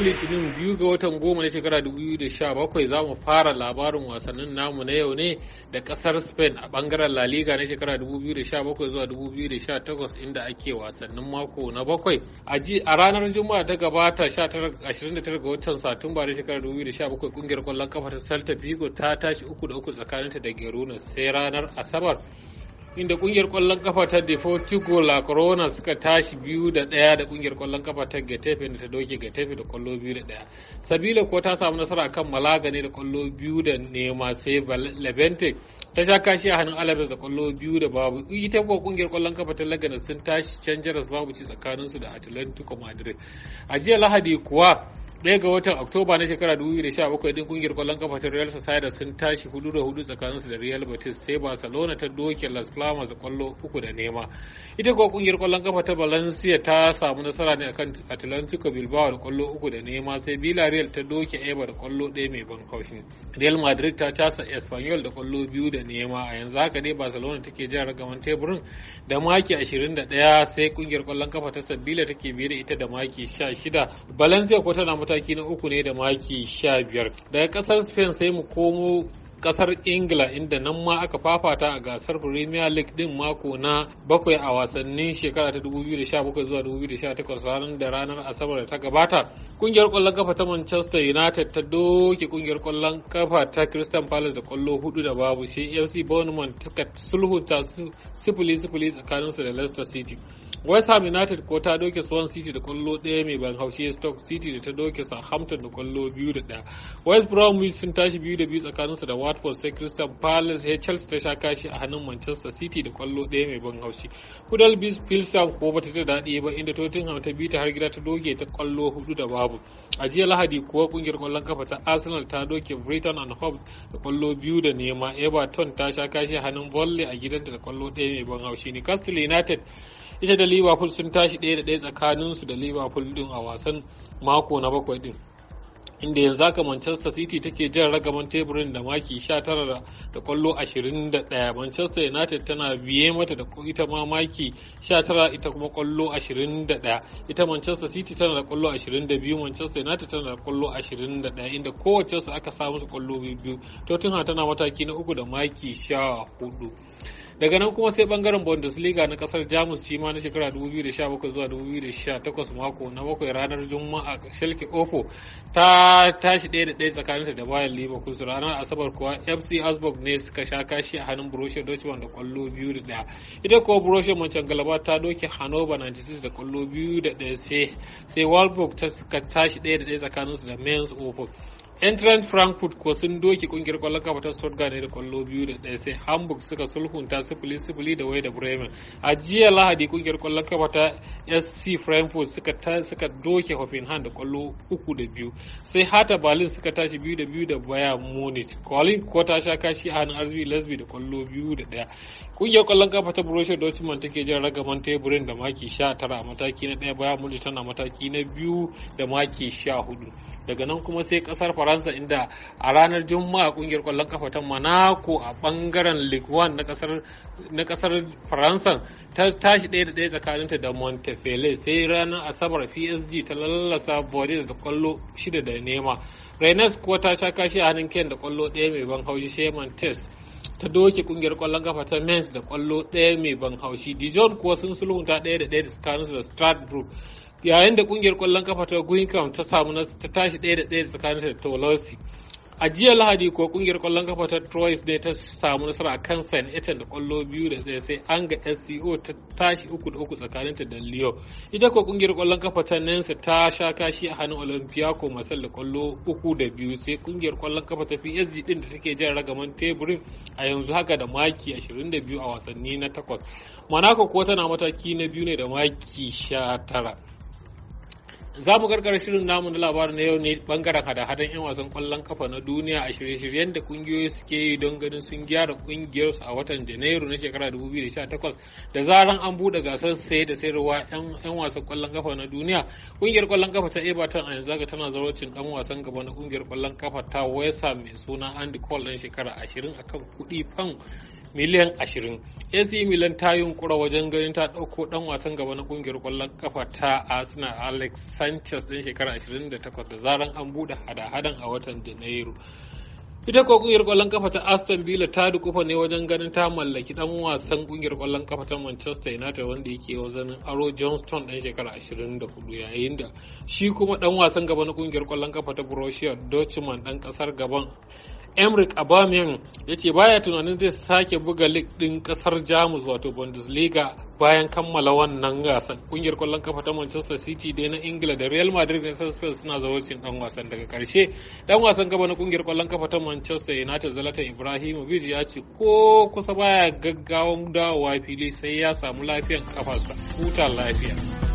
yau litinin biyu ga watan goma na shekara 2017 za mu fara labarin wasannin namu na yau ne da kasar spain a bangaren la liga na shekara 2017 zuwa 2018 inda ake wasannin mako na bakwai a ranar juma'a ta gabata 29 ga watan satumba na shekara 2017 kungiyar kwallon kafa ta celta vigo ta tashi uku da uku tsakaninta da gerona sai ranar asabar inda kungiyar kwallon kafa ta Deportivo La Corona suka tashi biyu da ɗaya da kungiyar kwallon kafa ta Getafe da ta doke Getafe da kwallo biyu da ɗaya. Sabila ko ta samu nasara kan Malaga ne da kwallo biyu da nema sai Levante ta sha kashi a hannun Alaves da kwallo biyu da babu. Ita ko kungiyar kwallon kafa ta Lagana sun tashi canjaras babu ci tsakaninsu da Atletico Madrid. A jiya Lahadi kuwa daya ga watan oktoba na shekara 2017 din kungiyar kwallon kafa ta real sociedad sun tashi hudu da hudu tsakaninsu da real betis sai barcelona ta doke las palmas da kwallo uku da nema ita kuwa kungiyar kwallon kafa ta valencia ta samu nasara ne akan atlantico bilbao da kwallo uku da nema sai villarreal ta doke eba da kwallo daya mai ban haushi real madrid ta tasa espanyol da kwallo biyu da nema a yanzu haka ne barcelona take jan ragaman teburin da maki 21 sai kungiyar kwallon kafa ta sabila take biye da ita da maki 16 valencia ko tana mataki na uku ne da maki sha biyar daga kasar spain sai mu komo kasar ingila inda nan ma aka fafata a gasar premier league din mako na bakwai a wasannin shekara ta 2017 zuwa 2018 ranar da ranar asabar da ta gabata kungiyar kwallon kafa ta manchester united ta doke kungiyar kwallon kafa ta crystal palace da kwallo hudu da babu sai fc bournemouth suka sulhunta sifili sifili tsakaninsu da leicester city west ham united ko ta doke swan city da kwallo ɗaya mai ban haushi stoke city da ta doke southampton da kwallo biyu da ɗaya west bromwich sun tashi biyu da biyu tsakaninsu da watford sai crystal palace ya chelsea ta sha kashi a hannun manchester city da kwallo ɗaya mai ban haushi kudal bis pilsam ko ba ta daɗi ba inda tottenham ta bi ta har gida ta doke ta kwallo hudu da babu a jiya lahadi kuwa kungiyar kwallon kafa ta arsenal ta doke britain and hove da kwallo biyu da nema everton ta sha kashi a hannun volley a gidanta da kwallo ɗaya mai ban haushi newcastle united ita da liverpool sun tashi ɗaya da ɗaya tsakaninsu da liverpool din a wasan mako na bakwai din inda yanzu haka manchester city take jan ragaman teburin da maki 19 da kwallo 21 manchester united tana biye mata da ita ma maki 19 ita kuma kwallo 21 ita manchester city tana da kwallo 22 manchester united tana da kwallo 21 inda kowace su aka samu su kwallo biyu tottenham tana mataki na uku da maki 14 daga nan kuma sai bangaren bundesliga na kasar jamus shi ma na shekara 2017 zuwa 2018 mako na bakwai ranar juma'a shalke ofo ta tashi ɗaya da ɗaya tsakaninta da bayan liverpool ranar asabar kuwa fc asburg ne suka sha kashi a hannun borussia dortmund da kwallo biyu da ɗaya ita kuwa borussia galaba ta doke hannover 96 da kwallo biyu da ɗaya sai sai walburg ta tashi ɗaya da ɗaya tsakaninsu da mainz ofo Entrant Frankfurt ko sun doke kungiyar kwallon kafa ta Stuttgart ne da kwallo biyu da ɗaya sai Hamburg suka sulhunta sifili sifili da wai da Bremen. A jiya Lahadi kungiyar kwallon kafa ta SC Frankfurt suka suka doke Hoffenheim da kwallo uku da biyu. Sai Hata Berlin suka tashi biyu da biyu da Bayern Munich. Kwallin ko ta sha kashi a hannun RB Leipzig da kwallo biyu da ɗaya. Kungiyar kwallon kafa ta Borussia Dortmund take jin ragaman teburin da maki 19 a mataki na ɗaya bayan Munich tana mataki na biyu da maki 14. Daga nan kuma sai kasar Faransa inda a ranar Juma'a kungiyar kwallon kafa ta Monaco a bangaren Ligue 1 na kasar Faransa ta tashi daya da tsakanin tsakaninta da Montefiore sai ranar Asabar PSG ta lallasa Bordeaux da kwallo shida da nema. Rennes kuwa ta sha kashi a hannun Ken da kwallo daya mai ban haushi Sheman Test ta doke kungiyar kwallon kafa ta Mens da kwallo ɗaya mai ban haushi. Dijon kuwa sun sulhunta daya da ɗaya da tsakaninsu da Strasbourg. Yayin da kungiyar kwallon kafa ta Guinkam ta samu ta tashi ɗaya da daya da tsakaninsu da Tolosi. a jiya lahadi ko kungiyar kwallon kafa ta troyes ne ta samu nasara a kan san etan da kwallo biyu da tsaye sai an ga sco ta tashi uku da uku ta da leo ita ko kungiyar kwallon kafa ta nensa ta sha kashi a hannun olympiaco masar da kwallo uku da biyu sai kungiyar kwallon kafa ta psg din da take jan ragaman teburin a yanzu haka da maki 22 a wasanni na takwas monaco kuwa tana mataki na biyu ne da maki tara. za mu karkar shirin namu na labarin na yau ne bangaren hada-hadan 'yan wasan kwallon kafa na duniya a shirye-shiryen da kungiyoyi suke yi don ganin sun gyara kungiyarsu a watan janairu na shekara 2018 da zaran an buɗe gasar saye da sayarwa 'yan wasan kwallon kafa na duniya kungiyar kwallon kafa ta everton a yanzu tana zarocin dan wasan gaba na kungiyar kwallon kafa ta wesa mai suna andy cole dan shekara 20 akan kuɗi fan miliyan 20 AC Milan ta yunkura wajen ganin ta ɗauko ɗan wasan gaba na ƙungiyar ƙwallon kafa ta Arsenal Alex Sanchez ɗin shekara 28 da zaran an buɗe hada-hadan a watan Janairu. ita ko kungiyar kwallon kafa ta aston villa ta dukufa ne wajen ganin ta mallaki dan wasan kungiyar kwallon kafa ta manchester united wanda yake wajen aro johnston dan shekara 24 yayin da shi kuma dan wasan gaba na kungiyar kwallon kafa ta borussia dortmund dan kasar gaban emric abamin ya ce baya tunanin zai sake buga lig din kasar jamus wato bundesliga bayan kammala wannan gasar kungiyar kwallon kafa ta manchester city da na ingila da real madrid da san spurs suna cin dan wasan daga karshe dan wasan gaba na kungiyar kwallon kafa ta manchester united zlatan ibrahimovic ya ce ko kusa baya gaggawan dawowa fili sai ya samu lafiyan kafarsa huta lafiya